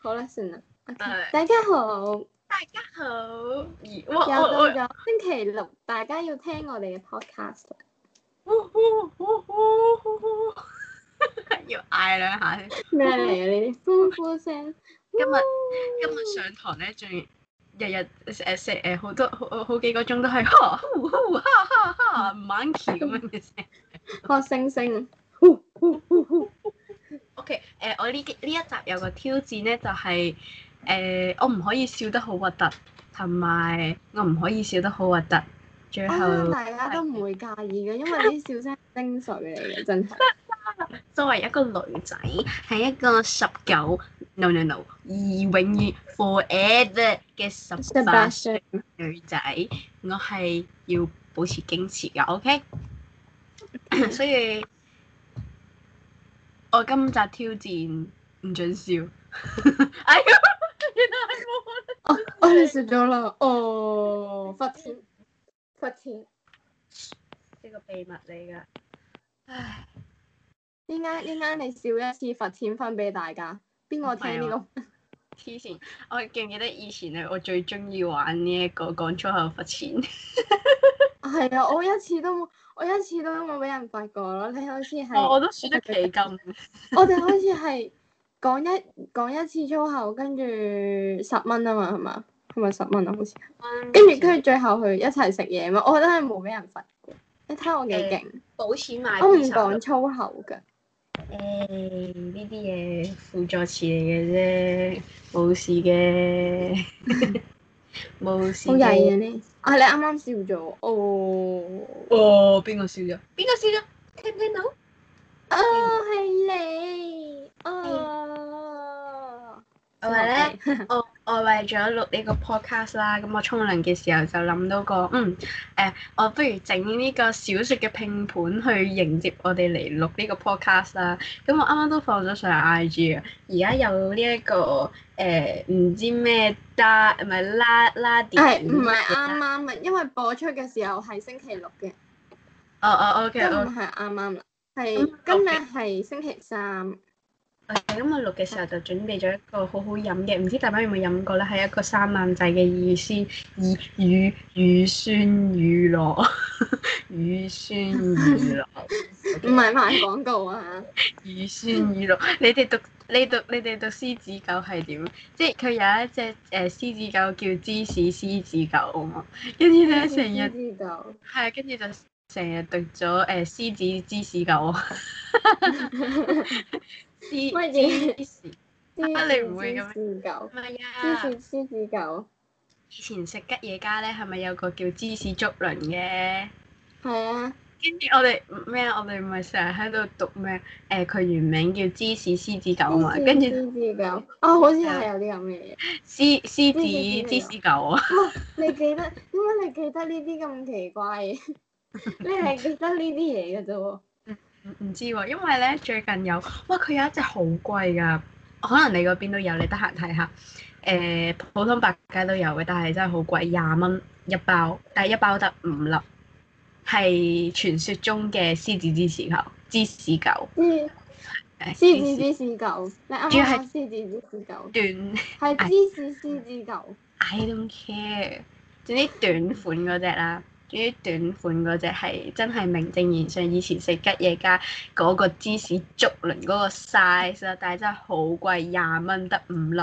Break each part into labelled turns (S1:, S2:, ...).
S1: 好啦，算啦。大家好，大家好。又到咗星期六，大家要聽我哋嘅 podcast。 要嗌兩下先。咩嚟啊，呢啲歡呼聲。今日今日上堂咧，仲日日誒食誒好多好好幾個鐘都係呼呼哈哈哈，哈 monkey 咁樣嘅聲，學猩猩。 O.K.，誒、uh，我呢呢一集有個挑戰咧，就係、是、誒，uh, 我唔可以笑得好核突，同埋我唔可以笑得好核突。最後、啊、大家都唔會介意嘅，因為啲笑聲精髓嚟嘅，真係。 作為一個女仔，係一個十九，no no no，而永遠 forever 嘅十八歲女仔，我係要保持矜持嘅，O.K.， 所以。我今集挑戰唔准笑， 哎呀，原來我，我哋食咗啦，哦，罰錢，罰錢，呢個秘密嚟噶，唉，點解點解你笑一次罰錢分俾大家，邊個聽呢個？黐線啊，我記唔記得以前咧，我最中意玩呢一個講粗口罰錢。 係啊，我一次都冇，我一次都冇俾人罰過咯。你好似係，我都輸得幾金。 我哋好似係講一講一次粗口，跟住十蚊啊嘛，係嘛？係咪十蚊啊？好似。跟住跟住，最後去一齊食嘢嘛？我覺得係冇俾人罰過。你睇、欸、我幾勁，保錢買。我唔講粗口噶。誒、欸，呢啲嘢輔助詞嚟嘅啫，冇事嘅，冇事嘅。呢。 啊，你啱啱笑咗哦！哦，邊個、哦、笑咗？邊個笑咗？聽唔聽到？哦，哦，係你哦。我咪咧，我我為咗錄呢個 podcast 啦，咁我沖涼嘅時候就諗到個，嗯，誒、欸，我不如整呢個小說嘅拼盤去迎接我哋嚟錄呢個 podcast 啦。咁我啱啱都放咗上 IG 啊，而家有呢、這、一個誒，唔、欸、知咩拉唔係拉拉啲，係唔係啱啱啊？因為播出嘅時候係星期六嘅。哦哦，OK，都唔係啱啱，係今日係星期三。咁我錄嘅時候就準備咗一個好好飲嘅，唔知大家有冇飲過咧？係一個三萬字嘅意思，乳乳乳酸乳酪，乳酸乳酪，唔係賣廣告啊！乳酸乳酪，你哋讀，你讀，你哋讀獅子狗係點？即係佢有一隻誒獅子狗叫芝士獅子狗啊嘛，跟住咧成日，獅子狗係啊，跟住就成日讀咗誒獅子芝士狗。 芝芝士，啊你唔會嘅咩？芝士獅子狗。以前食吉野家咧，係咪有個叫芝士竹輪嘅？係啊。跟住我哋咩？我哋唔係成日喺度讀咩？誒，佢原名叫芝士獅子狗嘛？跟住。獅子狗。啊，好似係有啲咁嘅嘢。獅獅子芝士狗啊！你記得？點解你記得呢啲咁奇怪嘅？你係記得呢啲嘢嘅啫喎。唔知喎，啊，因為咧最近有，哇佢有一隻好貴噶，可能你嗰邊都有，你得閒睇下。誒、欸，普通百佳都有嘅，但係真係好貴，廿蚊一包，但係一包得五粒，係傳説中嘅獅子芝士球、芝士球、芝、嗯，獅子芝士球，主要係獅子芝士球，短係芝士獅子球。I don't, I don't care，整啲短款嗰隻啦。至於短款嗰隻係真係名正言順，以前食吉野家嗰個芝士竹輪嗰個 size，但係真係好貴，廿蚊得五粒，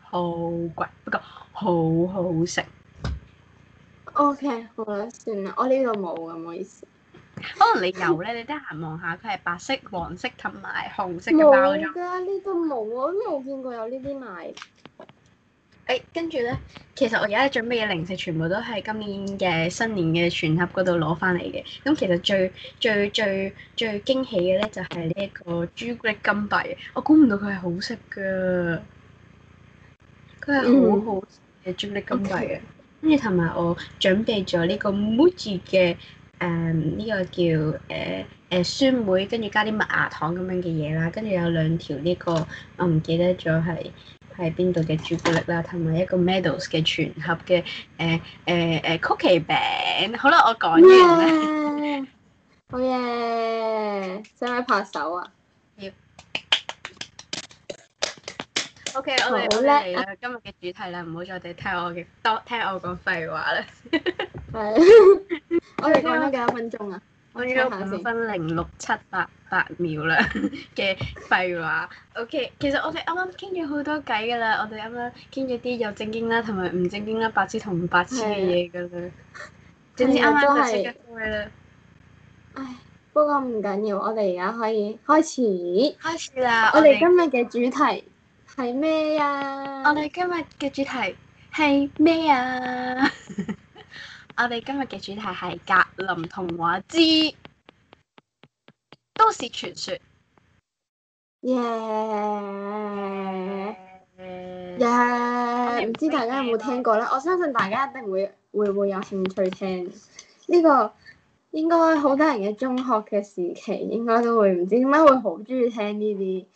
S1: 好貴，不過好好食。OK，好啦，算啦，我呢度冇，唔好意思。可能你有咧，你得閒望下，佢係白色、黃色同埋紅色嘅包裝。冇㗎，呢度冇，我都冇見過有呢啲賣。誒、哎，跟住咧，其實我而家準備嘅零食全部都係今年嘅新年嘅全盒嗰度攞翻嚟嘅。咁其實最最最最驚喜嘅咧，就係呢一個朱古力金幣。我估唔到佢係好食噶，佢係好好食嘅、mm hmm. 朱古力金幣啊！Okay. 跟住同埋我準備咗呢個 Muji 嘅誒呢個叫誒誒、呃呃、酸梅，跟住加啲麥芽糖咁樣嘅嘢啦。跟住有兩條呢、這個，我唔記得咗係。係邊度嘅朱古力啦，啊，同埋一個 Medals 嘅全盒嘅誒誒誒曲奇餅。好啦，我講完啦，好嘢，使唔使拍手啊？要，yeah. Okay , okay,O K，我哋嚟啦，今日嘅主題啦，唔好再地聽我嘅多聽我講廢話啦。係，我哋講咗幾多分鐘啊？我依家五分零六七八八秒啦嘅 廢話，OK，其實我哋啱啱傾咗好多偈噶啦，我哋啱啱傾咗啲有正經啦同埋唔正經啦，白痴同唔白痴嘅嘢噶啦，甚、啊、至啱啱都熄咗啦。唉，不過唔緊要，我哋而家可以開始，開始啦！我哋今日嘅主題係咩啊？我哋今日嘅主題係咩啊？ 我哋今日嘅主題係格林童話之都市傳說，耶唔 Yeah, yeah, 知大家有冇聽過咧？ 我相信大家一定會會會有興趣聽呢個，應該好多人嘅中學嘅時期應該都會唔知點解會好中意聽呢啲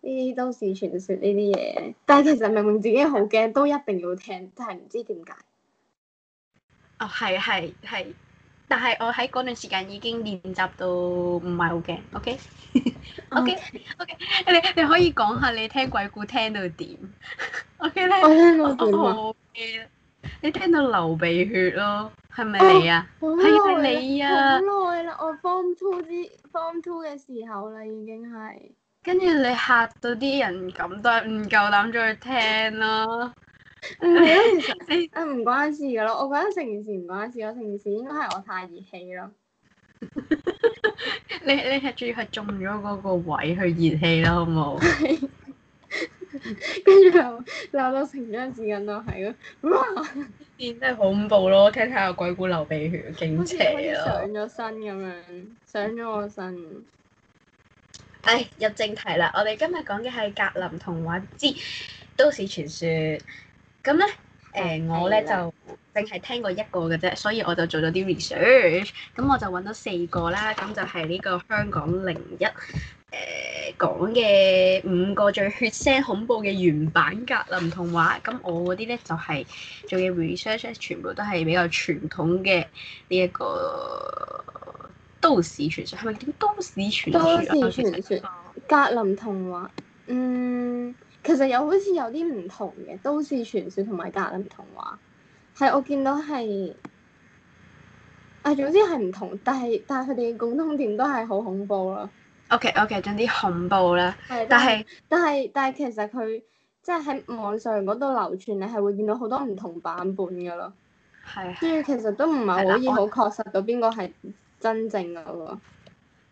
S1: 呢啲都市傳說呢啲嘢，但係其實明明自己好驚，都一定要聽，但係唔知點解。哦，係係係，但係我喺嗰段時間已經練習到唔係好驚，OK，OK，OK，你你可以講下你聽鬼故聽到點，okay? 我聽到我好驚，你聽到流鼻血咯，係咪你啊？係咪、哦、你啊？好耐啦，我 form two 之 form two 嘅時候啦，已經係。跟住你嚇到啲人咁都係唔夠膽再去聽咯。嗯、你咧？唉你啊，唔關事噶咯。我覺得成件事唔關事咯，成件事應該係我太熱氣咯。你你係主要係中咗嗰個位去熱氣咯，好唔好？跟住鬧到成張時間都係咯，變 真係好恐怖咯！聽下鬼故流鼻血，勁邪咯。好像、好像上咗身咁樣，上咗我身。唉，入正題啦！我哋今日講嘅係格林童話之都市傳說。咁咧，誒、呃、我咧就淨係聽過一個嘅啫，所以我就做咗啲 research。咁我就揾到四個啦，咁就係呢個香港零一誒講嘅五個最血腥恐怖嘅原版格林童話。咁我嗰啲咧就係、是、做嘅 research，全部都係比較傳統嘅呢一個都市傳說，係咪叫都市傳說傳？格林童話，嗯。其實有好似有啲唔同嘅都市傳說同埋格林童話，係我見到係，啊，總之係唔同，但係但係佢哋嘅共通點都係好恐怖咯。O K O K 總之恐怖啦，但係但係是但係其實佢即係喺網上嗰度流傳，你係會見到好多唔同版本㗎咯。係是，所以其實都唔係可以好確實到邊個係真正㗎喎。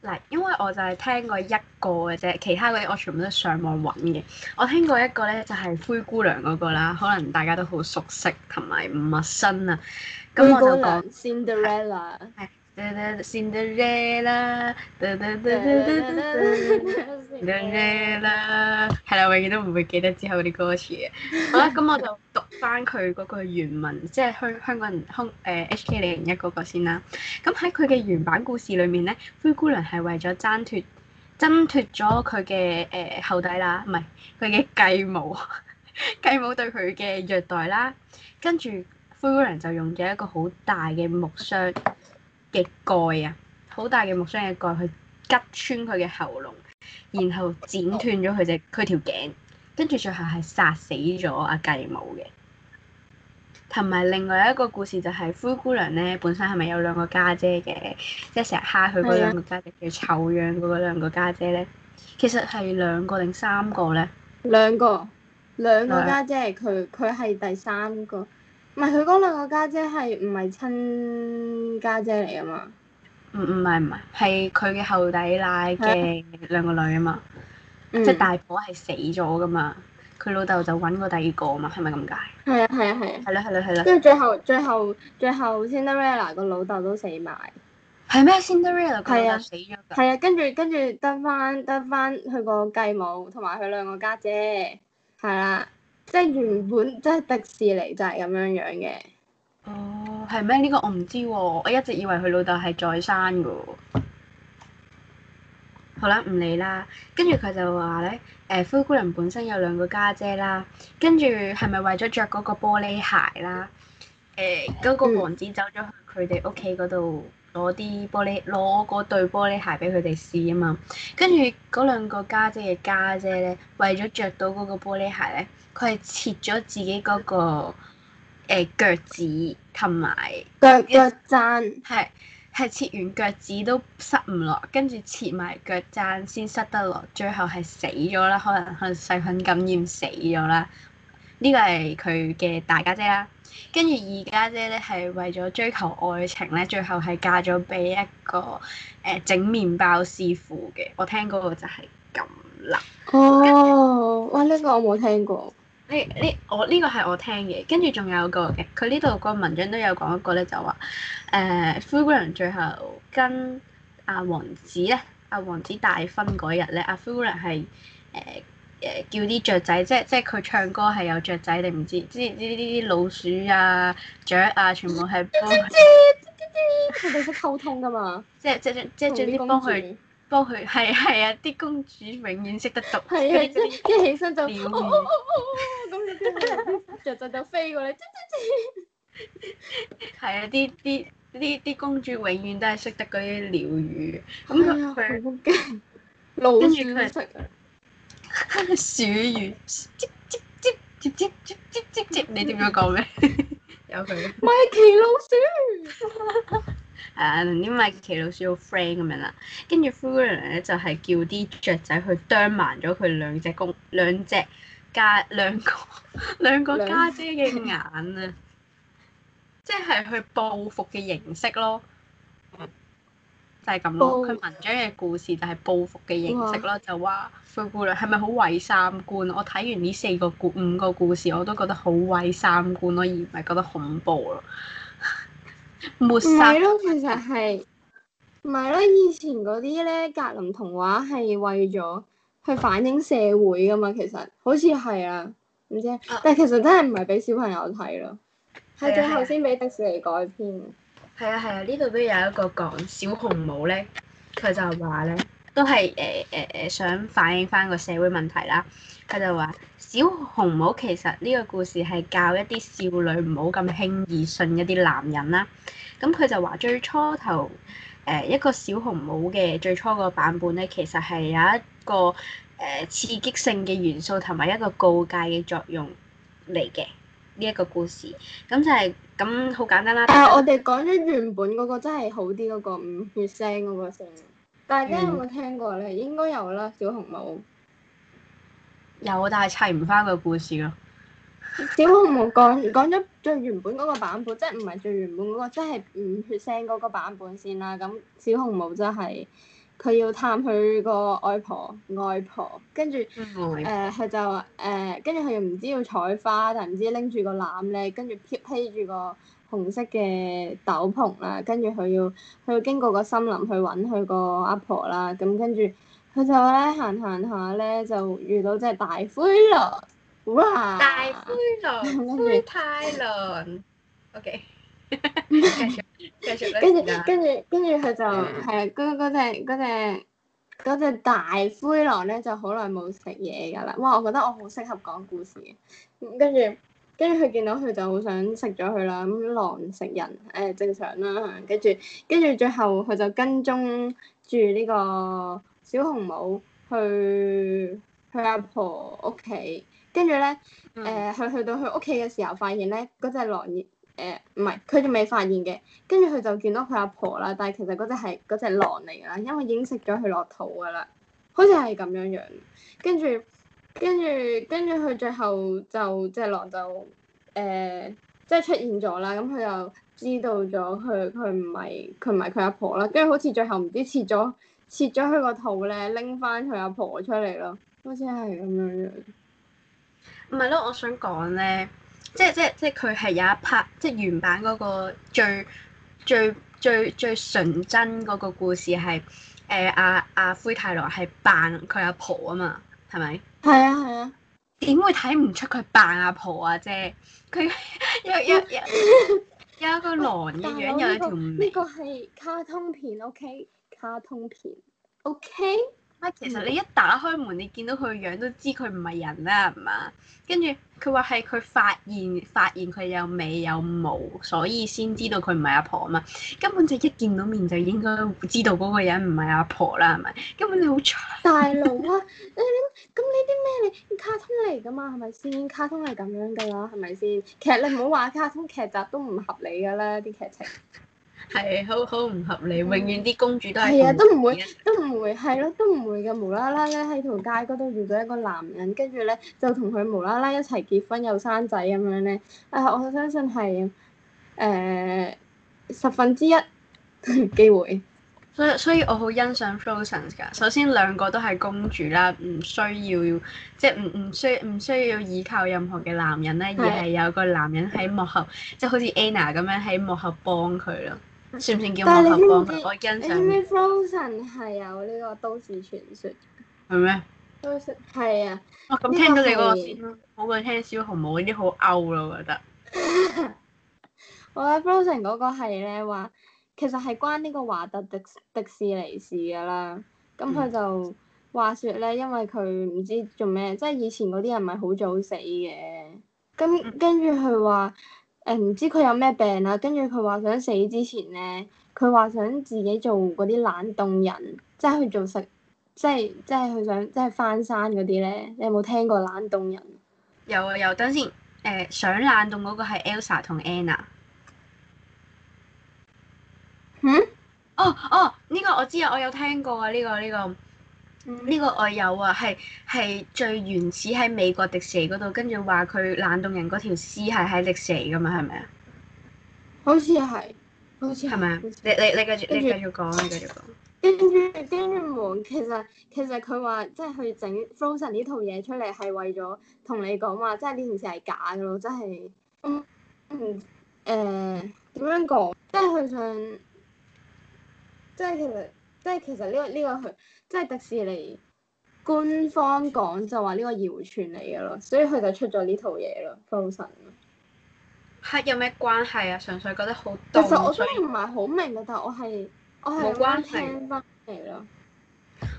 S1: 嗱，因為我就係聽過一個嘅啫，其他嗰啲我全部都上網揾嘅。我聽過一個咧，就係灰姑娘嗰個啦，可能大家都好熟悉同埋唔陌生啊。咁我就講。Cinderella。得得得，Cinderella，得得得得得得，Cinderella，係啦，我哋都唔會記得之後啲歌詞嘅。好啦，咁我就讀翻佢嗰個原文，即係香香港人，香、呃、誒 HK 零零一嗰個先啦。咁喺佢嘅原版故事裏面咧，灰姑娘係為咗掙脱掙脱咗佢嘅誒後底乸，唔係佢嘅繼母， 繼母對佢嘅虐待啦。跟住灰姑娘就用咗一個好大嘅木箱。嘅蓋啊，好大嘅木箱嘅蓋，去拮穿佢嘅喉嚨，然後剪斷咗佢隻佢條頸，跟住最後係殺死咗阿繼母嘅。同埋另外一個故事就係、是、灰姑娘咧，本身係咪有兩個家姐嘅？即係成日蝦佢嗰兩個家姐，姐的叫醜樣嗰個兩個家姐咧，其實係兩個定三個咧？兩個兩個家姐，姐，佢佢係第三個。唔係佢嗰兩個家姐係唔係親家姐嚟啊嘛？
S2: 唔唔係唔係，
S1: 係佢嘅後底奶嘅兩個女啊嘛。嗯、即係大婆係死咗噶嘛，佢老豆就揾過第二個啊嘛，係咪咁解？係啊係啊係啊！係咯係咯係咯！跟住最後最後最後，Cinderella 個老豆都死埋。係咩？Cinderella 個老豆死咗㗎。係啊，跟住跟住得翻得翻佢個繼母同埋佢兩個家姐，係啦。即係原本即係迪士尼就係咁樣樣嘅。哦，係咩？呢、這個我唔知喎、哦，我一直以為佢老豆係再生噶。好啦，唔理啦。跟住佢就話咧，誒、呃、灰姑娘本身有兩個家姐，姐啦。跟住係咪為咗着嗰個玻璃鞋啦？誒、呃，嗰、那個王子走咗去佢哋屋企嗰度。嗯。攞啲玻璃，攞嗰對玻璃鞋俾佢哋試啊嘛，跟住嗰兩個家姐嘅家姐咧，為咗着到嗰個玻璃鞋咧，佢係切咗自己嗰、那個誒、欸、腳趾同埋腳腳踭，係係切完腳趾都塞唔落，跟住切埋腳踭先塞得落，最後係死咗啦，可能可能細菌感染死咗啦。呢、這個係佢嘅大家姐，姐啦。跟住二家姐咧，係為咗追求愛情咧，最後係嫁咗俾一個誒整麵包師傅嘅，我聽過就係咁啦。哦，著哇！呢、這個我冇聽過。呢呢我呢、這個係我聽嘅，跟住仲有個嘅，佢呢度個文章都有講一個咧，就話誒灰姑娘最後跟阿、啊、王子咧，阿、啊、王子大婚嗰日咧，阿、啊、灰姑娘係誒。呃誒叫啲雀仔，即係即係佢唱歌係有雀仔你唔知？即係呢啲老鼠啊、雀啊，全部係。佢哋識溝通噶嘛？即係即係即係將啲幫佢幫佢係係啊！啲公主永遠識得讀。係啊！即起身就。鳥。雀仔就飛過嚟，唧係啊！啲啲啲啲公主永遠都係識得嗰啲鳥語。係啊！好驚。老鼠魚，你點樣講咩？有佢。米奇老鼠。誒，同米奇老鼠好 friend 咁樣啦，跟住灰姑娘咧就係叫啲雀仔去啄盲咗佢兩隻公兩隻家兩個兩個家姐嘅眼啊！即係去報復嘅形式咯。就係咁咯，佢文章嘅故事就係報復嘅形式咯，哇就話灰姑娘係咪好毀三觀？我睇完呢四個故五個故事，我都覺得好毀三觀咯，而唔係覺得恐怖咯。 抹殺咯，其實係，唔係咯，以前嗰啲咧格林童話係為咗去反映社會噶嘛，其實好似係啊，唔知，但係其實真係唔係俾小朋友睇咯，
S2: 係最後先
S1: 俾迪士尼改編。係啊係啊，呢度都有一個講小紅帽咧，佢就話咧，都係誒誒誒想反映翻個社會問題啦。佢就話小紅帽其實呢個故事係教一啲少女唔好咁輕易信一啲男人啦。咁佢就話最初頭誒、呃、一個小紅帽嘅最初個版本咧，其實係有一個誒、呃、刺激性嘅元素同埋一個告戒嘅作用嚟嘅呢一個故事，咁就係、是。咁好簡單啦！但係、呃、我哋講咗原本嗰個真係好啲嗰、嗰個五、嗯、血腥嗰個聲，大家有冇聽過咧？嗯、應該有啦，小紅帽有，但係砌唔翻個故事咯。 小紅帽講講咗最原本嗰個版本，即係唔係最原本嗰、嗰個，即係五血腥嗰個版本先啦。咁小紅帽真係～佢要探佢個外婆，外婆跟住誒，佢就話誒，跟住佢又唔知要採花，但唔知拎住個籃咧，跟住披住個紅色嘅斗篷啦，跟住佢要佢要經過個森林去揾佢個阿婆啦，咁跟住佢就話咧行行下咧就遇到隻大灰狼，哇！大灰狼， 灰太狼。OK。 跟住，跟住，跟住佢就係嗰嗰隻隻隻大灰狼咧，就好耐冇食嘢噶啦。哇！我覺得我好適合講故事。咁跟住，跟住佢見到佢就好想食咗佢啦。咁、嗰個、狼食人誒、呃，正常啦。跟住，跟住最後佢就跟蹤住呢個小紅帽去去阿婆屋企。跟住咧，誒、呃，佢、嗯、去到佢屋企嘅時候，發現咧嗰隻狼。誒，唔係、呃，佢仲未發現嘅，跟住佢就見到佢阿婆啦，但係其實嗰隻係嗰隻狼嚟噶啦，因為已經食咗佢落肚噶啦，好似係咁樣樣，跟住，跟住，跟住佢最後就隻狼就誒，即、呃、係、就是、出現咗啦，咁、嗯、佢就知道咗佢佢唔係佢唔係佢阿婆啦，跟住好似最後唔知切咗切咗佢個肚咧，拎翻佢阿婆出嚟咯，好似係咁樣樣，唔係咯，我想講咧。即係即係即係佢係有一 part 即係原版嗰個最最最最純真嗰個故事係誒阿阿灰太狼係扮佢阿婆啊嘛係咪？係啊係啊，點會睇唔出佢扮阿婆啊啫？佢有有有有一個狼嘅樣， 有一條呢、這個係、這個、卡通片，OK，卡通片，OK。其實你一打開門，你見到佢個樣都知佢唔係人啦，係嘛？跟住佢話係佢發現發現佢有尾有毛，所以先知道佢唔係阿婆嘛。根本就一見到面就應該知道嗰個人唔係阿婆啦，係咪？根本你好大佬啊！你你咁呢啲咩嚟？卡通嚟噶嘛，係咪先？卡通係咁樣噶啦，係咪先？其實你唔好話卡通劇集都唔合理㗎啦，啲劇情。係好好唔合理，永遠啲公主都係。係啊、嗯，都唔會，都唔會，係咯，都唔會嘅。無啦啦咧喺條街嗰度遇到一個男人，呢跟住咧就同佢無啦啦一齊結婚又生仔咁樣咧。啊、哎，我相信係誒、呃、十分之一機會。所所以，所以我好欣賞 Frozen 噶。首先兩個都係公主啦，唔需要即係唔唔需唔需要依靠任何嘅男人咧，而係有個男人喺幕後，即係的好似 Anna 咁樣喺幕後幫佢咯。算唔算叫我唔放你知唔知 Frozen 係有呢個都市傳說？係咩嗎？都市係啊。哦，咁聽到你嗰個先咯。我咪聽小紅帽嗰啲好 o 咯，out, 我覺得。 我覺得 Frozen 嗰個係咧話，其實係關呢個華特迪士迪士尼士㗎啦。咁佢就、嗯、話説咧，因為佢唔知做咩，即係以前嗰啲人咪好早死嘅。咁跟住佢話。誒，唔知佢有咩病啦，啊，跟住佢話想死之前咧，佢話想自己做嗰啲冷凍人，即係去做食，即係即係佢想即係翻山嗰啲咧。你有冇聽過冷凍人？有啊，有，等陣先。誒、呃，想冷凍嗰個係 Elsa 同 Anna。嗯？哦哦，呢、哦這個我知啊，我有聽過啊，呢個呢個。這個呢、嗯、個外友啊，係係最原始喺美國迪士尼嗰度，跟住話佢冷凍人嗰條屍係喺迪士尼噶嘛，係咪啊？好似係，吧好似係咪啊？你你你繼續你繼續講，你繼續講著。跟住跟住，王其實其實佢話，即係佢整 Frozen 呢套嘢出嚟，係為咗同你講話，即係呢件事係假噶咯、嗯嗯呃，即係。嗯嗯誒點樣講？即係佢想，即係其實，即係其實呢、呢個呢、呢個佢。即係迪士尼官方講就話呢個謠傳嚟嘅咯，所以佢就出咗呢套嘢咯，《Frozen》係有咩關係啊？純粹覺得好其實我雖然唔係好明啊！但我係
S2: 我係冇關係
S1: 咯。聽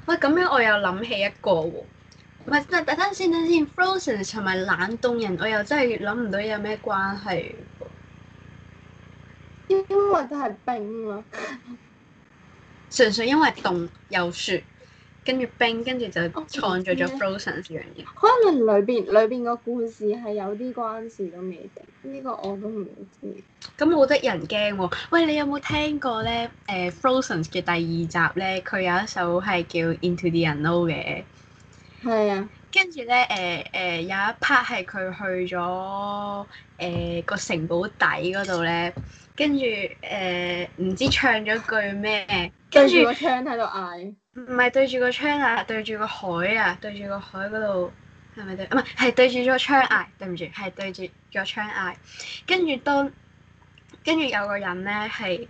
S1: 喂，咁樣我又諗起一個喎，唔係即係等先等先，等等等等《Frozen》同埋冷凍人，我又真係諗唔到有咩關係，因為都係冰啊！ 純粹因為凍又雪。跟住冰，跟住就創造咗 Frozen 呢樣嘢。可能裏邊裏邊個故事有係有啲關事都未定，呢、呢個我都唔知。咁冇得人驚喎、哦，喂，你有冇聽過咧？誒、呃、Frozen 嘅第二集咧，佢有一首係叫 Into the Unknown 嘅。係啊。跟住咧，誒、呃、誒、呃、有一 part 係佢去咗誒、呃、個城堡底嗰度咧，跟住誒唔知唱咗句咩，跟住個窗喺度嗌，唔係對住個窗啊，對住個海啊，對住個海嗰度係咪對？唔係，係對住咗個窗嗌，對唔住，係對住咗窗嗌，跟住當跟住有個人咧係。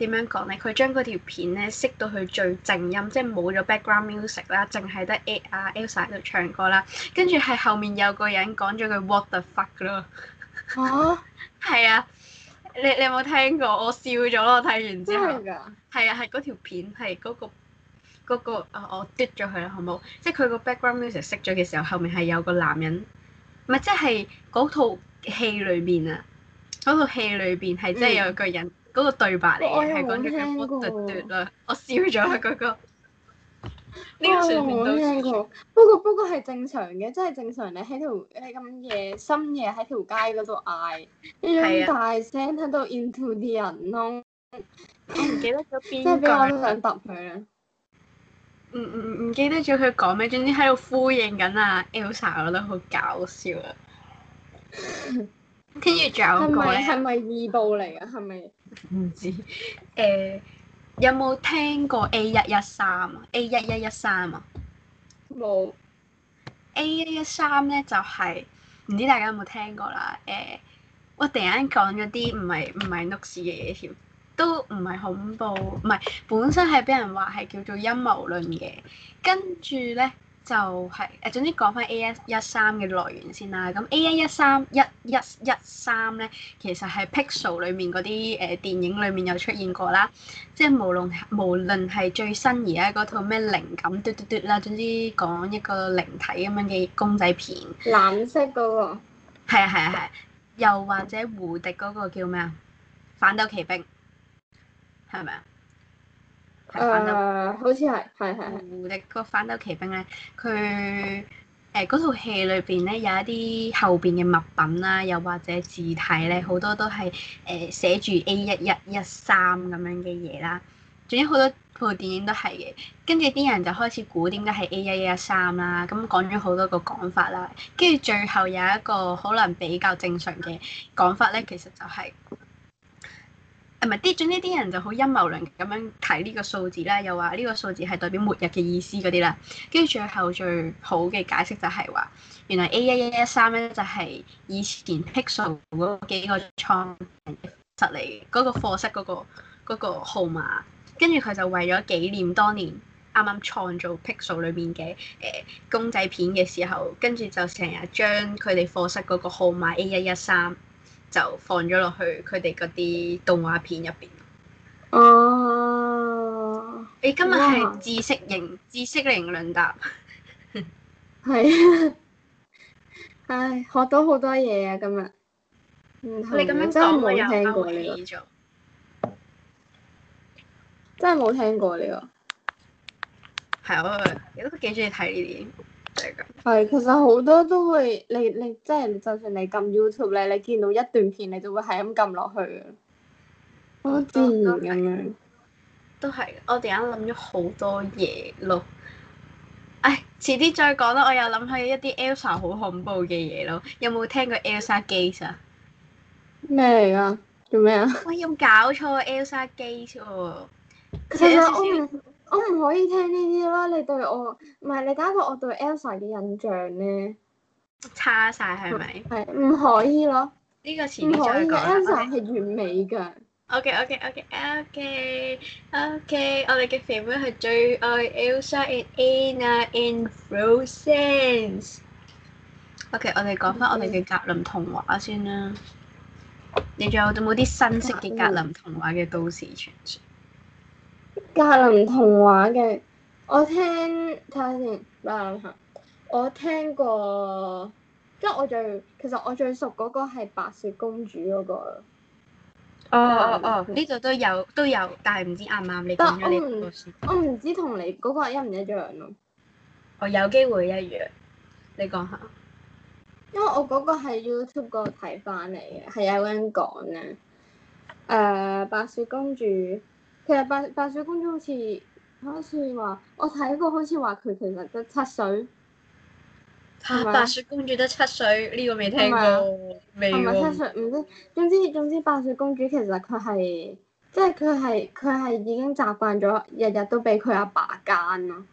S1: 點樣講咧？佢將嗰條片咧，熄到佢最靜音，即係冇咗 background music 啦，淨係得 A 啊 Elsa 喺度唱歌啦。跟住係後面有個人講咗句 What the fuck 咯。哦，係 啊！你你有冇聽過？我笑咗咯，我睇完之後。真係的啊，係嗰條片係嗰、嗰個嗰、嗰個啊、嗰個，我 d 咗佢啦，好冇？即係佢個 background music 熄咗嘅時候，後面係有個男人，唔係即係嗰套戲裏邊啊，嗰套戲裏邊係真係有個人。嗯嗰個對白嚟嘅係講緊金兀鷲啊！我笑咗佢嗰個，呢個我冇聽過。不過不過係正常嘅，即係正常你喺條你咁夜深夜喺條街嗰度嗌，呢種大聲喺度 into 啲人咯。我唔記得咗邊個，即係我都想答佢啦。唔唔唔記得咗佢講咩？總之喺度呼應緊啊！Elsa 我覺得好搞笑啊！跟住仲有係咪係咪二部嚟啊？係咪？唔知誒、欸、有冇聽過 A 一一三啊？A 一一一三啊？冇、啊。有 A 一一三咧就係、是、唔知大家有冇聽過啦。誒、欸，我突然間講咗啲唔係唔係 news 嘅嘢添，都唔係恐怖，唔係本身係俾人話係叫做陰謀論嘅，跟住咧。就係、是、誒，總之講翻 A.S. 一三嘅來源先啦。咁 A.S. 一三一一一三咧，其實係 Pixel 裏面嗰啲誒電影裏面有出現過啦。即係無論無論係最新而家嗰套咩靈感嘟，嘟嘟嘟啦，總之講一個靈體咁樣嘅公仔片。藍色嗰個、哦。係啊係啊係。又或者胡迪嗰個叫咩啊？反斗奇兵。係咪？誒，uh, 好似係，係係係。胡迪個《反斗奇兵》咧，佢誒嗰套戲裏邊咧，有一啲後邊嘅物品啦，又或者字體咧，好多都係誒、呃、寫住 A 一一一三咁樣嘅嘢啦。總之好多部電影都係嘅，跟住啲人就開始估點解係 A 一一一三啦。咁講咗好多個講法啦，跟住最後有一個可能比較正常嘅講法咧，其實就係、是。係咪啲，總之呢啲人就好陰謀論咁樣睇呢個數字啦，又話呢個數字係代表末日嘅意思嗰啲啦，跟住最後最好嘅解釋就係話，原來 A 一一一三咧就係以前 pixels 嗰幾個創辦人嚟，嗰、那個課室嗰、那個嗰、那個號碼，跟住佢就為咗紀念當年啱啱創造 pixels 裏面嘅誒、呃、公仔片嘅時候，跟住就成日將佢哋課室嗰個號碼 A 一一三。就放咗落去佢哋嗰啲動畫片入邊。哦、uh, 欸！你今日係知識型、哇知識型論答，係 唉，學到好多嘢啊！今日，嗯、你咁樣真係冇聽過呢種，真係冇聽過呢個。係， 我都記得佢幾中意睇呢啲。係，其實好多都會，你你即係，就算你撳 YouTube 咧，你見到一段片，你就會係咁撳落去嘅，嗯，咁樣都係。我突然間諗咗好多嘢咯，哎，遲啲再講啦。我又諗起一啲 Elsa 好恐怖嘅嘢咯。有冇聽過 ElsaGate 啊？咩嚟噶？做咩啊？喂，有搞錯 ElsaGate 先喎，其實我。我唔可以聽呢啲啦！你對我唔係你打過我對 Elsa 嘅印象咧，差晒係咪？係唔 可以咯？呢個詞唔可以。Okay. Elsa 係完美㗎。Okay okay, OK OK OK OK OK，我哋嘅 family 係最愛 Elsa and Anna in Frozen。OK，我哋講翻我哋嘅格林童話先啦。你仲有冇啲新式嘅格林童話嘅都市傳說？格林童話嘅，我聽睇下先，諗下我聽過，即係我最，其實我最熟嗰個係白雪公主嗰個哦哦哦，呢度，但、哦、都有都有，但係唔知啱唔啱你講咗我唔不知同你嗰個係一唔一樣咯。我有機會一樣，你講下。因為我嗰個係 YouTube 嗰度睇翻嚟嘅，係有人講嘅。誒、呃、白雪公主。其實白雪公主好似好似話，我睇過，好似話佢其實得七歲。白雪公主得七歲，呢、這個未聽過。係咪、啊啊啊、七歲唔知？總之總之，白雪公主其實佢係，即係佢係佢係已經習慣咗，日日都俾佢阿爸奸咯。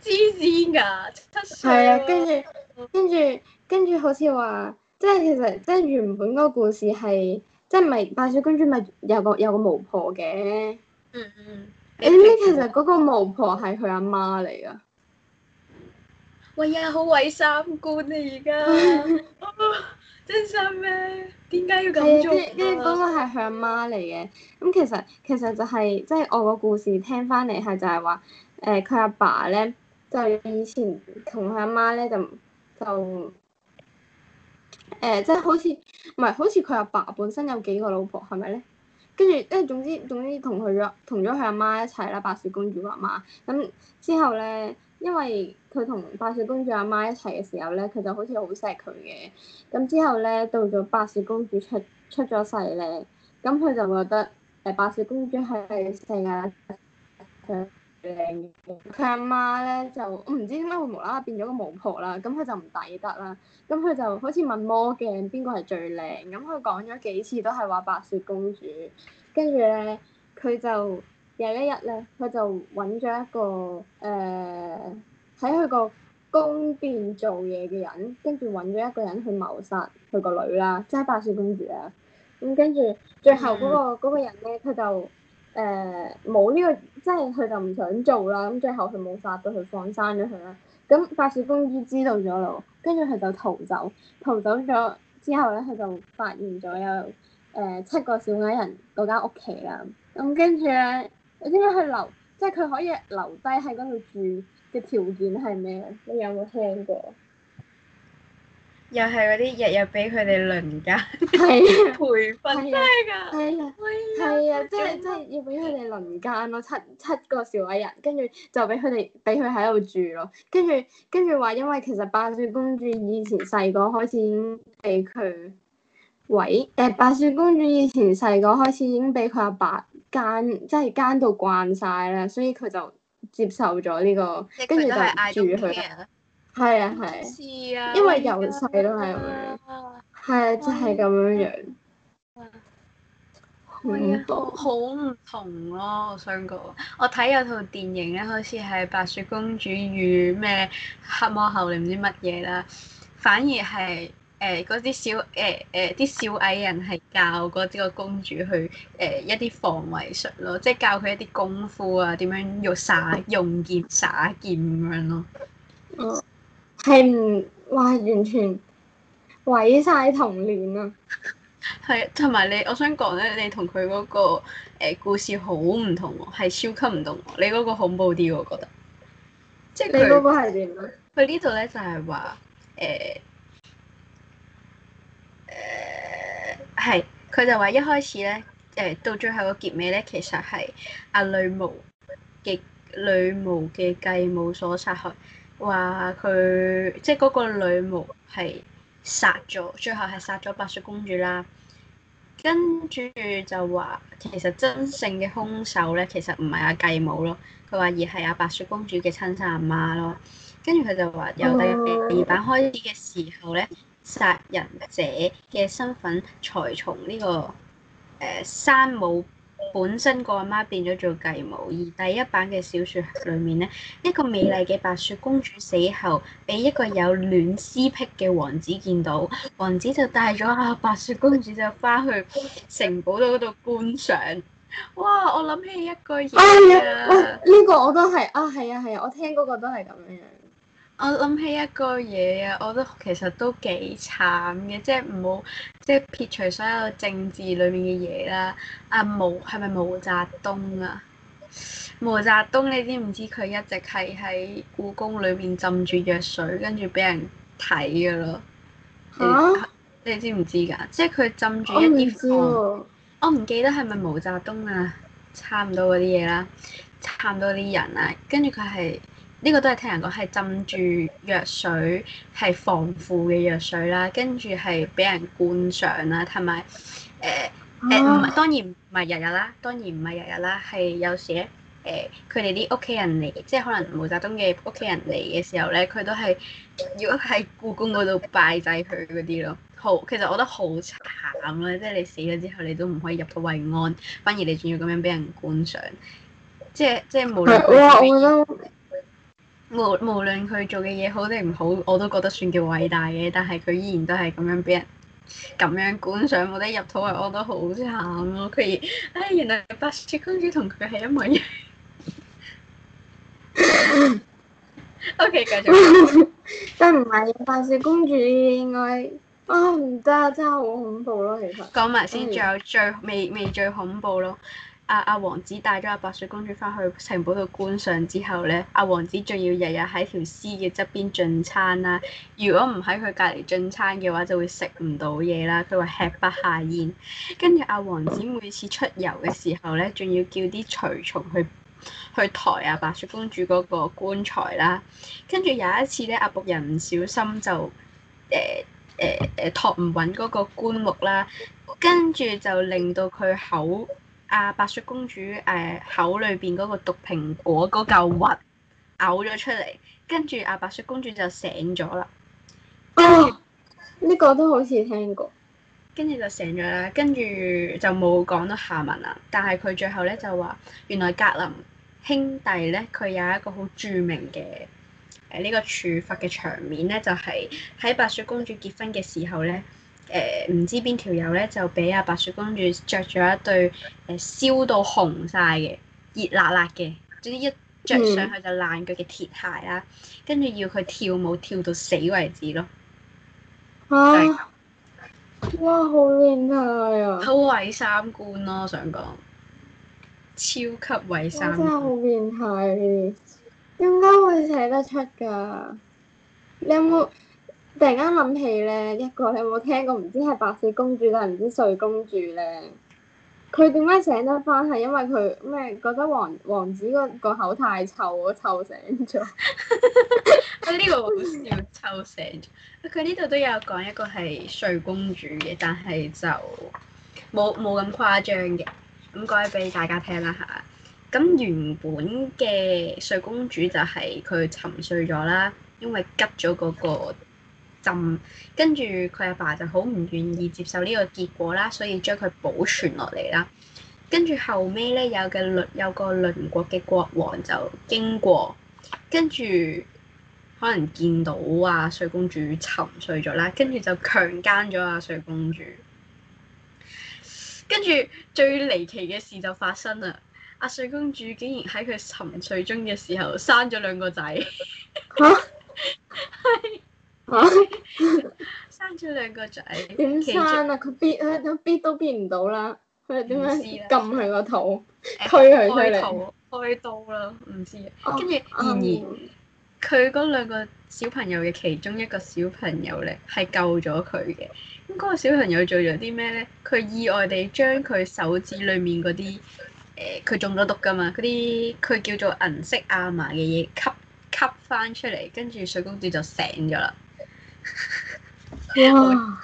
S1: 知知㗎七歲。係啊，跟住跟住跟住，好似話，即係其實，即係原本嗰個故事係。即係咪白雪公主咪有個有個巫婆嘅、嗯？嗯嗯，你知 You mean, 其實嗰個巫婆係佢阿媽嚟噶。喂、哎、呀，好毀三觀啊！而家， 真心咩、啊？點解要咁做？嗰、哎、個係佢阿媽嚟嘅。咁、嗯、其實其實就係即係我個故事聽翻嚟係就係話，誒佢阿爸咧就係以前同佢阿媽咧就就。就誒、呃，即係好似，唔係，好似佢阿爸本身有幾個老婆，係咪咧？跟住，即係總之總之，同佢咗，同咗佢阿媽一齊啦，白雪公主阿媽，媽。咁之後咧，因為佢同白雪公主阿媽，媽一齊嘅時候咧，佢就好似好錫佢嘅。咁之後咧，到咗白雪公主出出咗世咧，咁佢就覺得誒白雪公主係世界。靚，佢阿媽咧就唔知點解會無啦啦變咗個巫婆啦，咁佢就唔抵得啦，咁佢就好似問魔鏡邊個係最靚，咁佢講咗幾次都係話白雪公主，跟住咧佢就有一日咧，佢就搵咗一個誒喺佢個宮殿做嘢嘅人，跟住搵咗一個人去謀殺佢個女啦，即係白雪公主啦，咁跟住最後嗰、嗰個嗰、嗯、個人咧，佢就。誒冇呢個，即係佢就唔想做啦。咁最後佢冇殺到佢，放生咗佢啦。咁白雪公主知道咗啦，跟住佢就逃走，逃走咗之後咧，佢就發現咗有誒、呃、七個小矮人嗰間屋企啦。咁跟住咧，點解佢留，即係佢可以留低喺嗰度住嘅條件係咩？你有冇聽過？又係嗰啲日日俾佢哋輪奸，培訓真係㗎，係啊，係啊，真係真係要俾佢哋輪奸咯，七七個小矮人，跟住就俾佢哋俾佢喺度住咯，跟住跟住話，因為其實白雪公主以前細個開始已經俾佢喂，誒、呃、白雪公主以前細個開始已經俾佢阿爸奸，即係奸到慣晒啦，所以佢就接受咗呢個，即係跟住就住佢。係啊係，因為由細都係咁樣，就係、樣，係就係咁樣樣。好好唔同咯，我想講。我睇有套電影咧，好似係《白雪公主與咩黑魔后》定唔知乜嘢啦。反而係誒嗰啲小誒誒啲小矮人係教嗰啲個公主去誒、呃、一啲防衞術咯，即係教佢一啲功夫啊，點樣用耍用劍，用劍耍劍咁樣咯。嗯係唔話完全毀晒童年啊！係，同埋你，我想講咧，你同佢嗰個誒故事好唔同喎，係超級唔同喎。你嗰個恐怖啲，我覺得。即係你嗰個係點咧？佢呢度咧就係話，誒，誒，係，佢就話一開始咧，誒，到最後個結尾咧，其實係阿女巫嘅女巫嘅繼母所殺害。話佢即係嗰個女巫係殺咗，最後係殺咗白雪公主啦。跟住就話，其實真正嘅兇手咧，其實唔係阿繼母咯，佢話而係阿白雪公主嘅親生阿媽咯。跟住佢就話，由第二版開始嘅時候咧，殺人者嘅身份才從呢、這個誒、呃、山姆。本身個阿媽變咗做繼母，而第一版嘅小説裏面呢，一個美麗嘅白雪公主死後，俾一個有戀屍癖嘅王子見到，王子就帶咗啊白雪公主就翻去城堡度度觀賞。哇！我諗起一個嘢呢、啊啊啊呢個我都係啊，係啊，係啊，啊，我聽嗰個都係咁樣樣。我諗起一個嘢啊，我覺得其實都幾慘嘅，即係唔好即係撇除所有政治裡面嘅嘢啦。阿、啊、毛係咪毛澤東啊？毛澤東你知唔知佢一直係喺故宮裏面浸住藥水，跟住俾人睇㗎咯、啊你？你知唔知㗎？即係佢浸住一啲、啊哦……我唔知喎，我唔記得係咪毛澤東啊？差唔多嗰啲嘢啦，差唔多啲人啦、啊，跟住佢係。呢個都係聽人講係浸住藥水，係防腐嘅藥水啦，跟住係俾人觀賞啦，同埋誒誒，唔係，當然唔係日日啦，當然唔係日日啦，係有時咧誒，佢哋啲屋企人嚟，即係可能毛澤東嘅屋企人嚟嘅時候咧，佢都係如果喺故宮嗰度拜祭佢嗰啲咯，好，其實我覺得好慘咯，即係你死咗之後，你都唔可以入到慰安，反而你仲要咁樣俾人觀賞。即係即係無論無無論佢做嘅嘢好定唔好，我都覺得算叫偉大嘅。但係佢依然都係咁樣俾人咁樣觀賞，上我得入土埋，我都好慘咯。佢，唉、哎，原來白雪公主同佢係一模一樣，OK 繼續講、 啊，真唔係白雪公主，應該，啊唔得，真係好恐怖咯，其實。講埋先，仲 Okay. 有最未未最恐怖咯。阿阿、啊、王子帶咗阿、啊、白雪公主翻去城堡度觀賞之後咧，阿、啊、王子仲要日日喺條屍嘅側邊進餐啦。如果唔喺佢隔離進餐嘅話，就會食唔到嘢啦。佢話吃不下咽。跟住阿、啊、王子每次出遊嘅時候咧，仲要叫啲隨從去去抬阿、啊、白雪公主嗰個棺材啦。跟住有一次咧，阿、啊、僕人唔小心就誒誒誒託唔穩嗰個棺木啦，跟住就令到佢口。啊！白雪公主誒、呃、口裏邊嗰個毒蘋果嗰嚿核嘔咗出嚟，跟住啊白雪公主就醒咗啦。呢、哦呢個都好似聽過。跟住就醒咗啦，跟住就冇講到下文啦。但係佢最後咧就話，原來格林兄弟咧佢有一個好著名嘅誒呢個處罰嘅場面咧，就係、是、喺白雪公主結婚嘅時候咧。誒唔、呃、知邊條友咧，就俾阿白雪公主着咗一對誒、呃、燒到紅晒嘅熱辣辣嘅，總之一着上去就爛腳嘅鐵鞋啦，嗯、跟住要佢跳舞跳到死為止咯。嚇、啊！哇！好變態啊！好毀三觀咯，我想講超級毀三觀。真係好變態，點解會睇得出㗎？你有冇？突然間諗起咧，一個，你有冇聽過唔知係白雪公主定係唔知睡公主咧？佢點解醒得返係因為佢咩覺得王、王子個口太臭，我臭醒咗。 啊、呢、呢個好笑，臭醒咗。佢呢度都有講一個係睡公主嘅，但係就冇冇咁誇張嘅。咁講俾大家聽啦吓，咁原本嘅睡公主就係、係，佢沉睡咗啦，因為拮咗嗰個浸，跟住佢阿爸就好唔願意接受呢個結果啦，所以將佢保存落嚟啦。跟住後尾咧，有個鄰有個鄰國嘅國王就經過，跟住可能見到阿、啊、瑞公主沉睡咗啦，跟住就強姦咗阿瑞公主。跟住最離奇嘅事就發生啦，阿、啊、瑞公主竟然喺佢沉睡中嘅時候生咗兩個仔。 啊、生咗兩個仔，點生啊？佢必中，必必都必唔到啦。佢點樣撳佢個肚，推佢個肚，開刀啦？唔知。跟住、哦，然而佢嗰兩個小朋友嘅其中一個小朋友咧，係救咗佢嘅。咁、那、嗰個小朋友做咗啲咩咧？佢意外地將佢手指裡面嗰啲誒，佢、呃、中咗毒㗎嘛？嗰啲佢叫做銀色阿嫲嘅嘢吸吸翻出嚟，跟住水公主就醒咗啦。哇！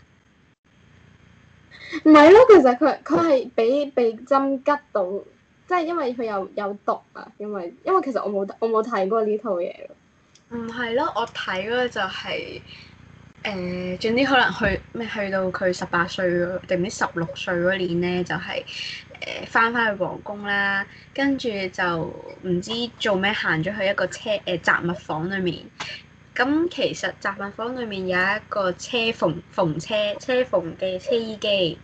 S1: 唔係咯，其實佢佢係俾被針吉到，即係因為佢有有毒啊。因為因為其實我冇我冇睇過呢套嘢。唔係咯，我睇咧就係、是、誒，總之、呃、可能去咩去到佢十八歲定唔知十六歲嗰年咧，就係誒翻翻去皇宮啦，跟住就唔知做咩行咗去一個車誒、呃、雜物房裏面。咁其實雜物房裏面有一個車縫縫車車縫嘅車衣機，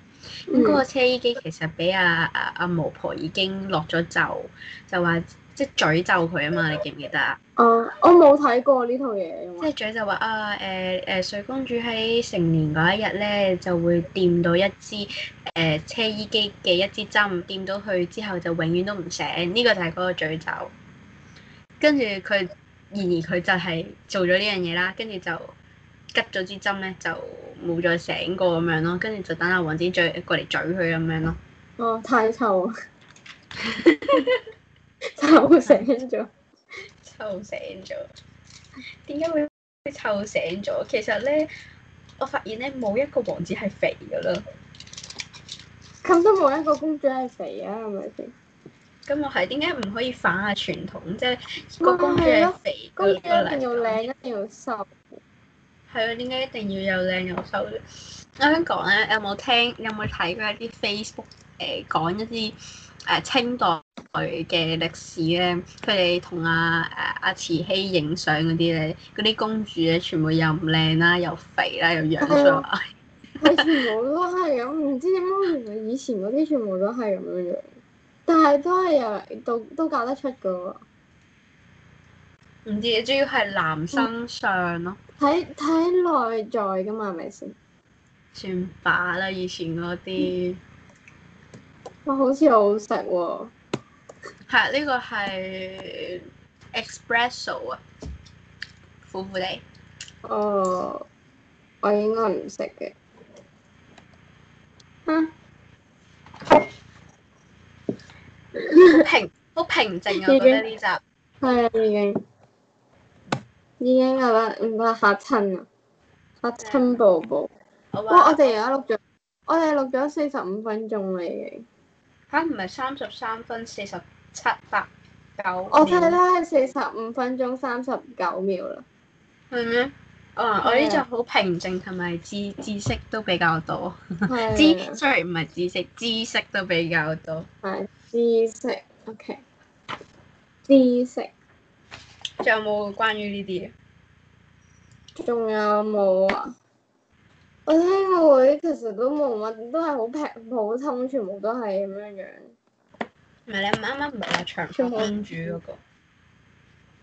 S1: 咁嗰、嗯、個車衣機其實俾阿阿阿巫婆已經落咗咒，就話即係詛咒佢啊嘛！你記唔記得啊？我冇睇過呢套嘢。即係詛咒話啊誒誒、呃，睡公主喺成年嗰一日咧，就會掂到一支誒、呃、車衣機嘅一支針，掂到佢之後就永遠都唔醒。呢、這個就係嗰個詛咒。跟住佢。然而佢就係做咗呢樣嘢啦，跟住就拮咗支針咧，就冇再醒過咁樣咯，跟住就等阿王子醉過嚟嘴佢咁樣咯。哦，太臭， 臭醒咗，臭醒咗，點解會臭醒咗？其實咧，我發現咧冇一個王子係肥噶咯。咁都冇一個公主係肥啊，係咪先？咁我係點解唔可以反下傳統？即、就、係、是嗯、個公主係肥公嚟一定要靚一定要，要瘦。係啊，點解一定要又靚又瘦咧？香港咧有冇聽有冇睇過一啲 Facebook 誒、呃、講一啲誒清代佢嘅歷史咧？佢哋同阿誒阿慈禧影相嗰啲咧，嗰啲公主咧全部又唔靚啦，又肥啦，又樣衰。係、啊啊、全部都係咁，唔 知點解原來以前嗰啲全部都係咁樣樣。但係都係又都都教得出噶喎，唔知主要係男生上咯、啊，睇睇、嗯、內在噶嘛，係咪先？算吧啦，以前嗰啲，我、嗯哦、好似好好食喎，係呢個係 Espresso 啊，苦苦、 啊這個 so，地，哦，我應該唔識嘅，嚇、嗯。平，好平靜啊！覺得呢集係啊，已經已經覺得唔得，嚇親啊，嚇親寶寶。
S2: 哇！我哋而家錄
S1: 咗，我哋錄咗四十五分鐘啦，已經嚇唔係三十三分四十七八九。我睇到係四十五分鐘三十九秒啦。係咩？啊！我呢集好平靜，同埋知知識都比較多。知 的，sorry，唔係知識，知識都比較多。係的。 知識，OK。知識，仲有冇關於呢啲？仲有冇啊？我聽佢其實都冇乜，都係好平普通，全部都係咁樣樣。唔係你唔啱啱唔係長主、嗰個、文化公主嗰個？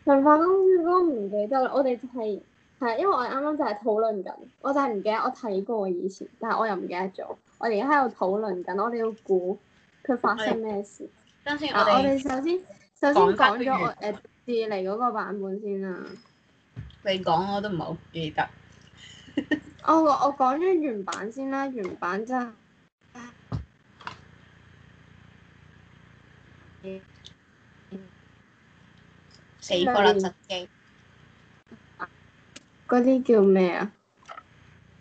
S1: 長化公主嗰個唔記得啦。我哋就係係因為我啱啱就係討論緊，我就係唔記得我睇過以前，但係我又唔記得咗。我哋而家喺度討論緊，我哋要估。佢發生咩事？等等我哋首、啊、先首先講咗我別離嗰個版本先啦。你講我都唔好記得。 哦、我我講咗原版先啦，原版真係四個垃圾機。嗰啲叫咩啊？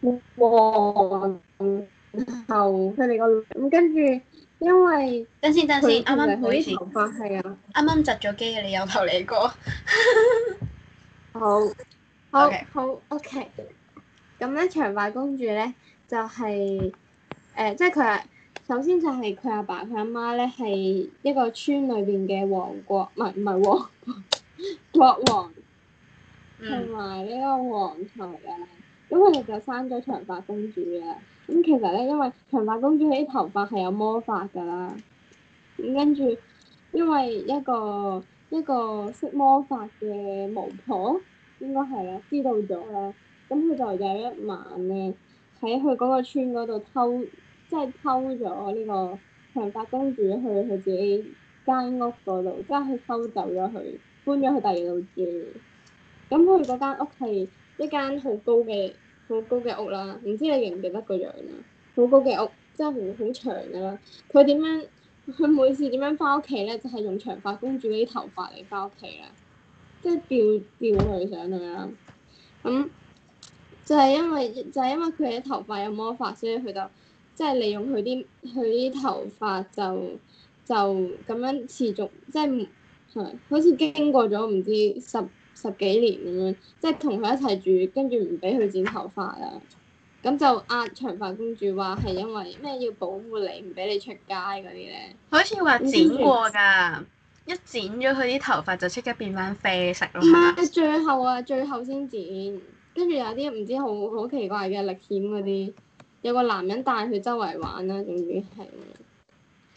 S1: 然後佢哋個咁跟住。因為等先等先，啱啱佢啲頭髮，唔好意思係啊，啱啱窒咗機嘅。你有頭嚟過， 好，好，okay. 好，OK。咁咧，長髮公主咧就係、是、誒、呃，即係佢係首先就係佢阿爸佢阿媽咧係一個村裏邊嘅王國，唔係唔係王國，國王，同埋呢個王后啊，咁佢哋就生咗長髮公主啊。咁其實咧，因為長髮公主啲頭髮係有魔法噶啦，咁跟住，因為一個一個識魔法嘅巫婆，應該係啦，知道咗啦，咁佢就有一晚咧，喺佢嗰個村嗰度偷，即係偷咗呢個長髮公主去佢自己間屋嗰度，即係偷走咗佢，搬咗去第二度住。咁佢嗰間屋係一間好高嘅。好高嘅屋啦，唔知你記唔記得個樣啦、啊？好高嘅屋，真係好好長噶啦。佢點樣？佢每次點樣返屋企咧？就係、是、用長髮公主嗰啲頭髮嚟返屋企啦，即係吊吊佢上去啦。咁、嗯、就係、是、因為就係、是、因為佢啲頭髮有魔法，所以佢就即係、就是、利用佢啲佢啲頭髮就就咁樣持續，即係好似經過咗唔知十十幾年咁樣，即係同佢一齊住，跟住唔俾佢剪頭髮啊！咁就呃長髮公主話係因為咩要保護你，唔俾你出街嗰啲咧。好似話剪過㗎，一剪咗佢啲頭髮就即刻變返啡色咯。嗯、吧最後啊，最後先剪，跟住有啲唔知好好奇怪嘅歷險嗰啲，有個男人帶佢周圍玩啦，總之係。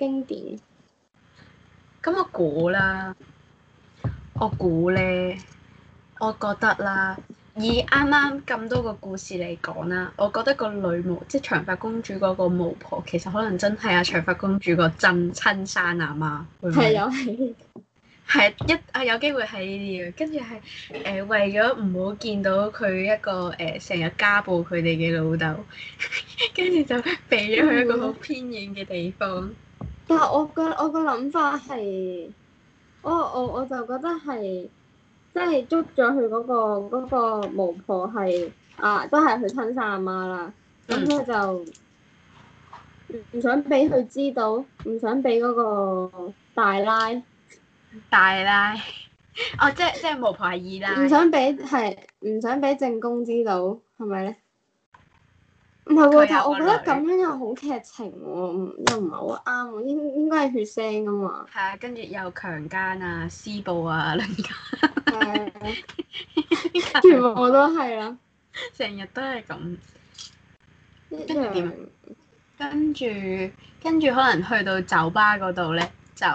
S1: 經典。咁我估啦，我估咧，我覺得啦，以啱啱咁多個故事嚟講啦，我覺得個女巫，即長髮公主嗰個巫婆，其實可能真係阿長髮公主個真親生阿媽，係有係，係 一啊有機會係呢啲嘅，跟住係誒為咗唔好見到佢一個誒成日家暴佢哋嘅老豆，跟 住就避咗去一個好偏遠嘅地方。嗯。但係我個我個諗法係，我我我，我就覺得係，即係捉咗佢嗰個嗰個巫婆係啊，都係佢親生阿媽啦。咁佢就唔想俾佢知道，唔想俾嗰個大奶，大奶，哦，即係即係巫婆係二奶。唔想俾係，唔想俾正宮知道，係咪咧？唔係喎，但係我覺得咁樣又好劇情喎，啊，又唔係好啱喎，應應該係血腥噶嘛。係啊，跟住又強奸啊，施暴啊，輪奸，啊。全 部麼我都係咯。成日都係咁。點？跟住跟住，跟可能去到酒吧嗰度咧，就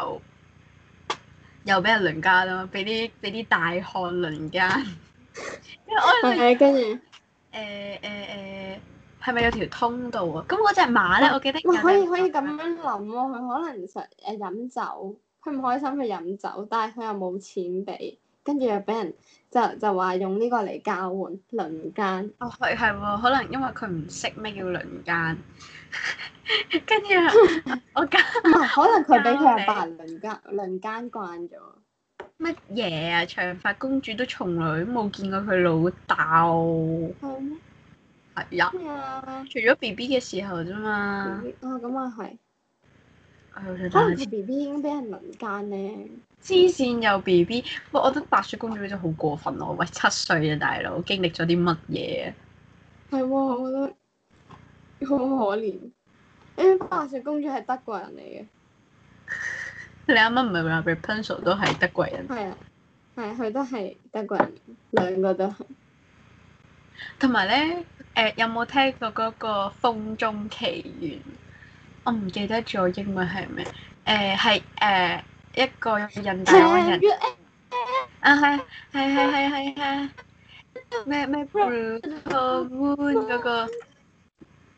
S1: 又俾人，啊，輪奸咯，俾啲俾啲大漢輪奸。係 啊，哎，跟住。誒誒誒。係咪有條通道啊？咁嗰隻馬咧，我記得可。可以可以咁樣諗喎、啊，佢可能想誒飲酒，佢唔開心去飲酒，但係佢又冇錢俾，跟住又俾人就就話用呢個嚟交換輪奸。哦，係係喎，可能因為佢唔識咩叫輪奸。跟住我唔可能佢俾佢阿爸輪奸輪奸慣咗。乜嘢啊？長髮公主都從來都冇見過佢老豆。係啊，yeah, Yeah. 除咗 B B 嘅時候啫嘛。哦、oh，咁啊係。可能個 B B 已經俾人輪奸咧。黐線又 B B，我覺得白雪公主真係好過分咯！喂，七歲啊，大佬，經歷咗啲乜嘢啊？係喎，我覺得好可憐。因為白雪公主係德國人嚟嘅。 你啱啱唔係話被 Pencil 都係德國人？係啊，係佢都係德國人，兩個都係。同埋咧。誒有冇聽過嗰個《風中奇緣》？我唔記得咗英文係咩？誒係誒一個人大安人。啊係係係係係。咩咩？普羅科韋嗰個嗰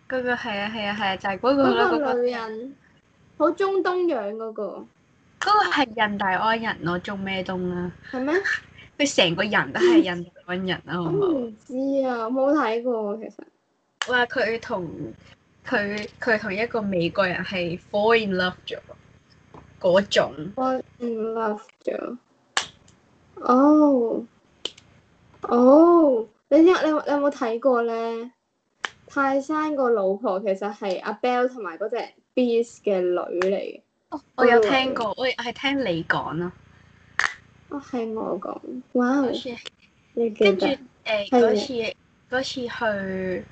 S1: 個係啊係啊係啊，就係嗰個咯嗰個。嗰個女人好中東樣嗰個。嗰個係人大安人咯，仲咩東啊？係咩？佢成個人都係印度人啊，嗯、好唔好？我唔知啊，冇睇過其實。哇！佢同佢佢同一個美國人係 fall in love 咗嗰種。Fall in love 咗。哦、oh, 哦、oh，你知你你有冇睇過咧？泰山個老婆其實係阿 Bell 同埋嗰隻 Beast 嘅女嚟。哦，
S2: 我有聽過，
S1: 我我係聽你講咯。哦，係我講。哇、wow, 次，好似跟住誒嗰次嗰次去，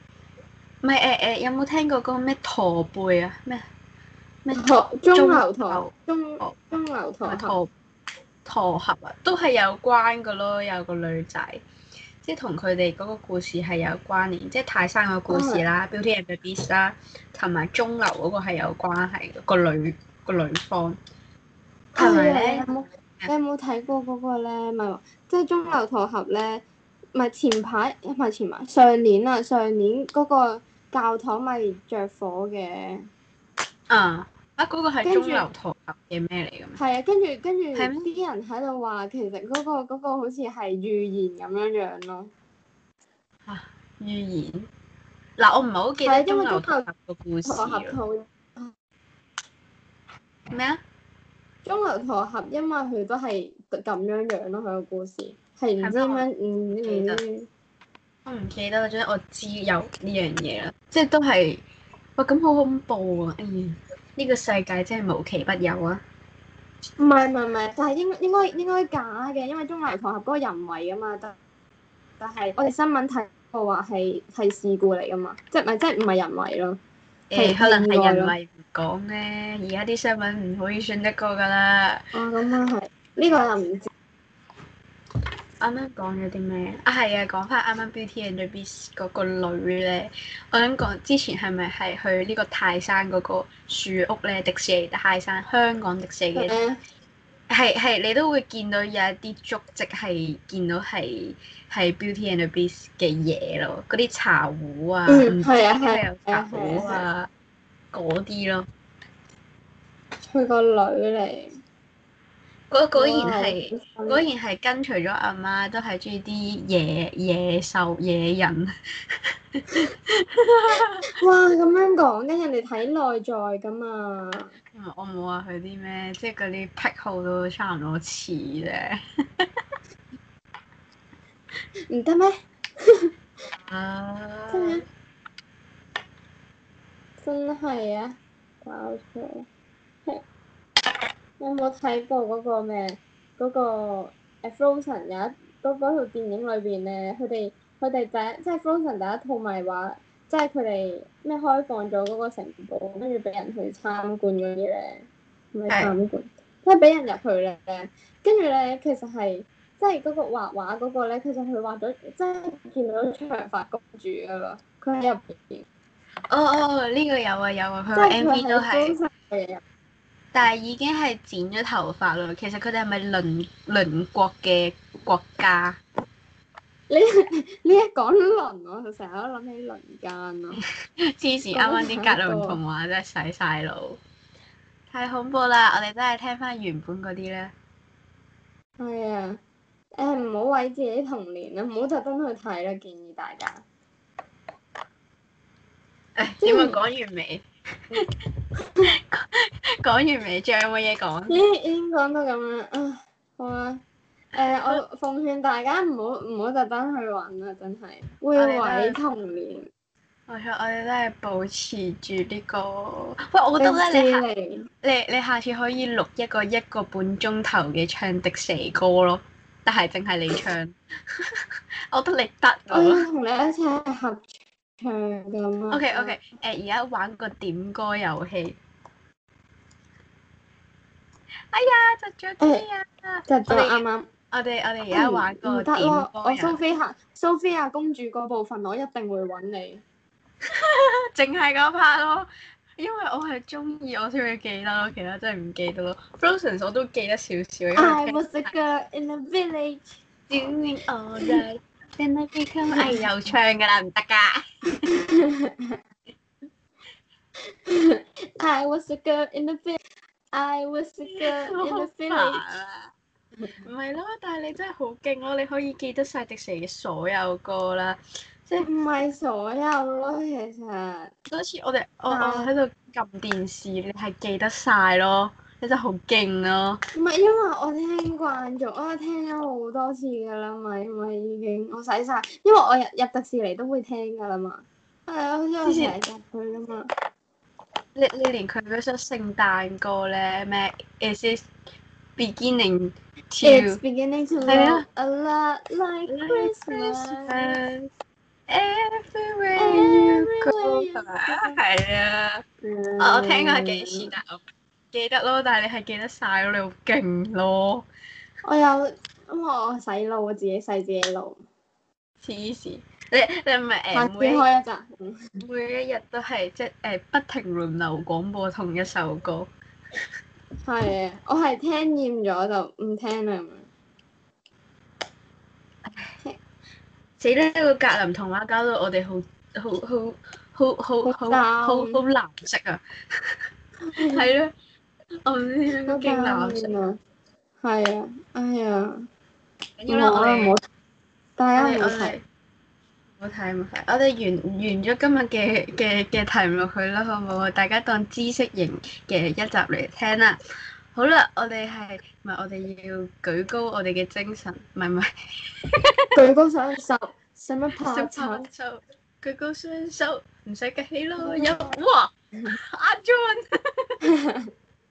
S1: 唔係誒誒，有冇聽過嗰個咩駝背啊？咩咩駝鐘樓駝，鐘鐘樓駝。駝駝俠啊，都係有關㗎囉，有個女仔，即係同佢哋嗰個故事係有關聯，即係泰山個故事啦、oh、，Beauty and the Beast 啦，同埋鐘樓嗰個係有關係個女個女方。
S2: 係咪的？
S1: 你有冇睇過嗰個咧？咪話，即係鐘樓駝俠咧，咪前排，唔係前排，上年啊？上年嗰個教堂咪着火嘅。啊！啊、嗰個，嗰個係鐘樓駝俠嘅咩嚟噶？係啊，跟住跟住啲嗎人喺度話，其實嗰、嗰個嗰、嗰個好似係預言咁樣樣咯。啊！預言嗱、啊，我唔係好記得鐘樓駝俠嘅故事。咩啊？鐘樓塔合，因為佢都係咁樣樣咯，佢個故事係唔知點樣，唔唔記得，我唔記得咗，我知有呢樣嘢啦，即係都係，哇咁好恐怖啊！哎呀，呢個世界真係無奇不有啊！唔係唔係唔係，但係應該應該應該假嘅，因為鐘樓塔合嗰個人為噶嘛，但係我哋新聞睇過話係係事故嚟噶嘛，即係唔係即係唔係人為咯。誒，可能係人為唔講咧，而家啲新聞唔可以信得過噶啦。啊，咁啊係，呢個又唔知。啱啱講咗啲咩啊？係啊，講翻啱啱 Beauty and the Beast 嗰個女咧，我想講之前係咪係去呢個泰山嗰個樹屋咧？迪士尼的泰山，香港迪士尼。係係，你都會見到有一啲足跡，係見到係係 Beauty and the Beast 嘅嘢咯，嗰啲茶壺啊，係啊係啊，茶壺啊嗰啲咯。佢個女嚟。果果然係喂果然係跟隨咗阿媽，媽，都係中意啲野野獸野人。 哇！咁樣講，跟人哋睇內在噶嘛？嗯，我冇話佢啲咩，即係嗰啲癖好都差唔多似啫。唔得咩？ 啊！真呀！真係啊！搞錯。有冇睇過嗰個咩？嗰、嗰個 Frozen 有一嗰套電影裏邊咧，佢哋佢哋第一即係 Frozen 第一套咪話，即係佢哋咩開放咗嗰個城堡，跟住俾人去參觀嗰啲咧，唔係參觀，是即係俾人入去咧，跟住咧其實係即係嗰個畫畫嗰個咧，其實佢畫咗，即係見到長髮公主啊嘛，佢喺入邊。哦哦，呢、呢個有啊有啊，佢個 MV 都係。但係已經係剪咗頭髮啦。其實佢哋係咪鄰鄰國嘅國家？你你一講鄰、啊，我成日都諗起鄰間咯。黐線 病，啱啱啲格林童話真係洗晒腦。太恐怖啦！我哋都係聽翻原本嗰啲啦。係啊，誒、呃，唔好毀自己童年啦，唔好特登去睇啦，建議大家。誒、哎，你咪講完未？講 完未？仲有冇嘢講？咦，已經講到咁樣啊！好啦，誒、欸，我奉勸大家唔好唔好特登去搵啊！真係，毀童年。我我哋都係保持住呢、這個，喂，我覺唔覺得你下你你下次可以錄一個一個半鐘頭嘅唱的士歌咯，但係淨係你唱， 我都嚟得。我要同你一齊合。O K O K，誒而家玩個點歌遊戲。哎呀，就咗啲啊！就咗啱啱。我哋我哋而家玩個點歌。唔得咯，我蘇菲亞，蘇菲亞公主嗰部分，我一定會搵你。淨係嗰 part 咯，因為我係中意，我先會記得咯，其他真係唔記得咯。Frozen 我都記得少少。I was a girl in the village, doing alright. 哎，又唱噶啦，唔得噶！I was a girl in the village. I was a girl in the village. 唔係咯，但係你真係好勁咯，你可以記得晒迪士尼嘅所有歌啦。即係唔係所有咯，其實嗰次我哋、哦 uh, 我我喺度撳電視，你係記得晒咯。真係好勁咯！唔係因為我聽慣咗，我聽咗好多次噶啦嘛，因為已經我使曬，因為我入入迪士尼都會聽噶啦嘛。係啊，好似我成日入去㗎嘛。你你連佢嗰首聖誕歌咧，咩？Is it beginning to？It's beginning to。係啊。A lot like Christmas. Everywhere you go。係啊。我聽過幾次啦。記得咯，但係你係記得晒，咯，你好勁咯！我有咁我洗腦，我自己洗自己腦。黐線！你你唔係誒？每開一集，每一日都係即誒不停輪流廣播同一首歌。係，我係聽厭咗就唔聽啦。死啦！ 呢個格林童話搞到我哋好好好好好好好好，好，好藍色啊！係 咯～我唔知點解咁勁鬧先啊！係啊，哎呀，我我唔好，但係我唔睇，唔好睇唔好睇。我哋完完咗今日嘅嘅嘅題目，唔落去啦，好唔好？大家當知識型嘅一集嚟聽啦。好啦，我哋係唔係我哋要舉高我哋嘅精神？唔係唔係，舉高雙手，使乜拍手？舉高雙手，唔使激氣咯有哇，阿 John。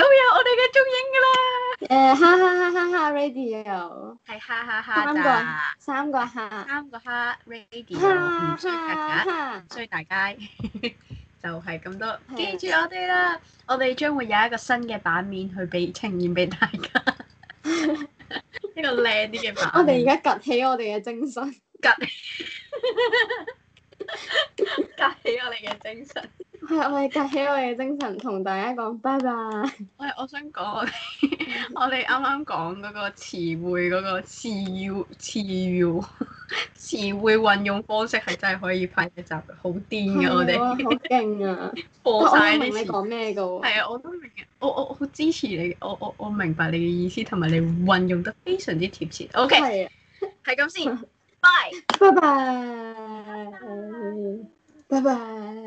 S1: 都有我哋嘅蹤影㗎喇！誒，哈哈哈哈哈，ready 又係哈哈哈，三個三個哈，三個哈，ready！所以大家，所以大家，就係咁多，記住我哋啦！我哋將會有一個新嘅版面去俾呈現俾大家，呢個靚啲嘅版。我哋而家夾起我哋嘅精神，夾夾起我哋嘅精神。係，我哋夾起我哋嘅精神，同大家講拜拜。我我想講 我剛剛，我哋啱啱講嗰個詞彙嗰個詞語詞語運用方式係真係可以派一集好癲嘅，我哋好勁啊！播晒你講咩嘅喎。係啊， 我都明，我我好支持你，我我我明白你嘅意思，同埋你運用得非常之貼切。OK，係咁先，拜拜拜拜。